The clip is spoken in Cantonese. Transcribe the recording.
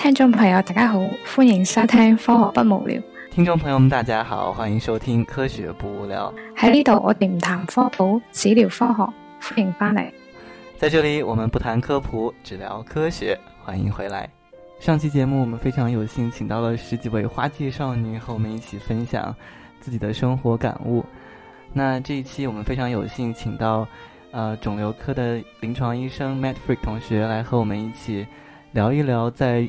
聽眾朋友，大家好，歡迎收聽科學不無聊。聽眾朋友們，大家好，歡迎收聽科學不無聊。喺呢度，我哋唔談科普，只聊科學。歡迎翻嚟。在這裏，我們不談科普，只聊科學。歡迎回來。上期節目，我們非常有幸請到了十幾位花季少女和我們一起分享自己的生活感悟。那這一期，我們非常有幸請到，呃，腫瘤科的臨牀醫生 Medfreak 同學來和我們一起聊一聊在